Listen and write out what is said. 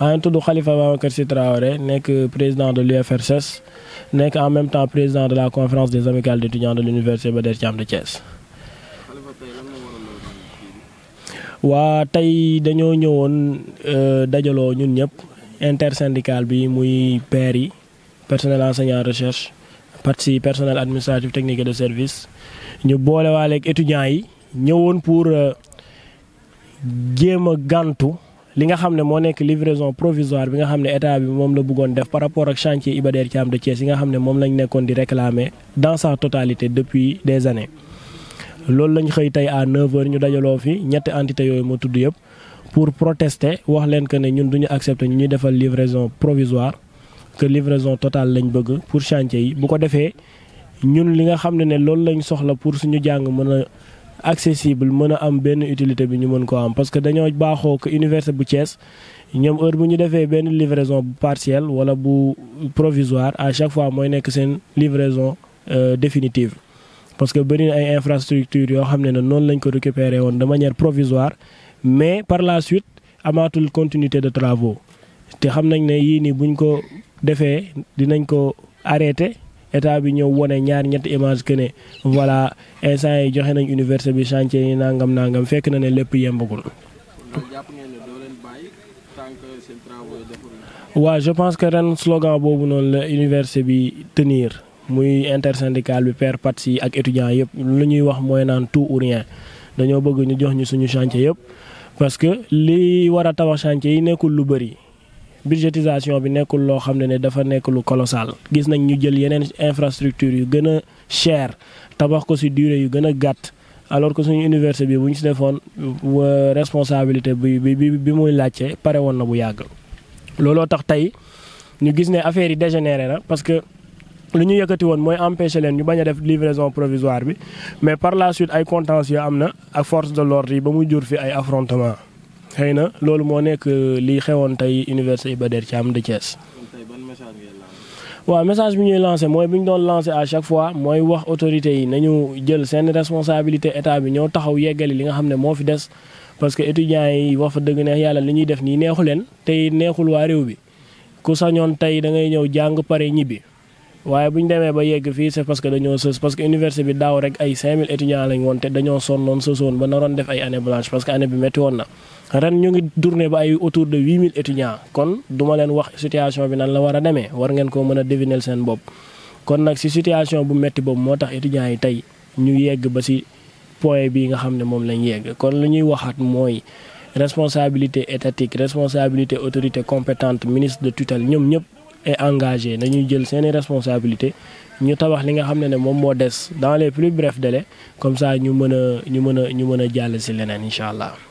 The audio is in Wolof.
Je suis Khalifa Traoré président de l'UFRSS et en même temps président de la conférence des amicales d'étudiants de l'université Bader Tiam de Thiès. Nous tey dañoo ñëwoon euh, dajaloo ñun ñëpp intersyndical bi muy personnel enseignant recherche partie personnel administratif technique et de service ñu les étudiants yi sommes pour euh, jéem gantu li nga xam ne moo livraison provisoire bi nga xam état bi mom la bëggone def par rapport ak chantier Iba Der Thiam de Thiès yi nga xam mom moom lañ nekkoon di réclamer dans sa totalité depuis des années. loolu lañ xey tay à 9h ñu dajalo fi ñetti entité yooyu mo tuddu yëpp pour protester wax leen que ne ñun duñu accepter ñuy defal livraison provisoire que livraison totale lañ bëgg pour chantier yi bu ko défé ñun li nga xam ne ne lañ soxla pour suñu jang mëna accessible mëna a am utilité bi ñu am parce que dañoo baaxoo ko université bu Thiès ñoom heure bu ñu livraison partielle wala bu provisoire à chaque fois mooy nekk livraison euh, définitive. parce que bëri ay infrastructures yoo xam ne ne noonu lañ de manière provisoire mais par la suite une continuité de travaux te xam nañ ne yii nii buñ ko defee dinañ arrêté. état bi ñëw wone ñaar ñetti image que voilà instant yi joxe nañ université bi chantier yi nangam nangam fekk na ne lépp yembagul. waa je pense que ren slogan boobu noonu la université bi tenire muy intersyndical bi per pats yi ak étudiants yëpp lu ñuy wax mooy naan tout ou dañoo bëgg ñu jox ñu suñu chantier yëpp parce que li war a tabax chantier yi nekkul lu bëri. budgétisation bi nekul lo xamné né dafa nekk lu colossal gis nañ ñu jël yenen infrastructure yu gëna cher tabax ko ci durée yu gëna gatt alors que suñu université bi buñ ci defone responsabilité bi bi bi muy laccé paré won na bu yagg lolo tax tay ñu gis né affaire yi dégénéré na parce que lu ñu yëkëti woon mooy empêcher leen ñu bañ a def livraison provisoire bi mais par la suite ay contentieux am na ak force de l'ordre yi ba mu jur fi ay affrontement xëy na loolu moo nekk euh, li xewoon tey université Iba Der Thiam de Thiès. waaw message bi ñuy lancé mooy bi ñu doon lancé à chaque fois mooy wax autorité yi nañu jël seen responsabilité état bi ñoo taxaw yeggali li nga xam ne moo fi des parce que étudiants yi wax fa dëgg neex yàlla li ñuy def nii neexu leen tey neexul waa réew bi ku sañoon tey da ngay ñëw jàng pare ñibbi waaye bu ñu demee ba yegg fii c'est parce que dañoo sës parce que université bi daaw rek ay 5000 étudiants woon te dañoo sonnoon sësoon ba naroon def ay année blanche parce que bi métti woon na ren ñu ngi tourné ba ay autour de 8000 kon duma leen wax situation bi nan la war a demee war ngeen ko mën a deviner seen bopp. kon nag si situation bu métti boobu moo tax étudiants yi tey ñu yegg ba si point bii nga xam ne moom lañ yegg kon lu ñuy waxaat mooy. responsabilité étatique responsabilité autorité compétente ministre de tutelle ñoom ñëpp et engagé nañuy jël seeni responsabilité ñu tabax li nga xam ne ne moom moo des dans les plus brefs le comme ça ñu mën a ñu mën a ñu mën a jàll si leneen incha allah.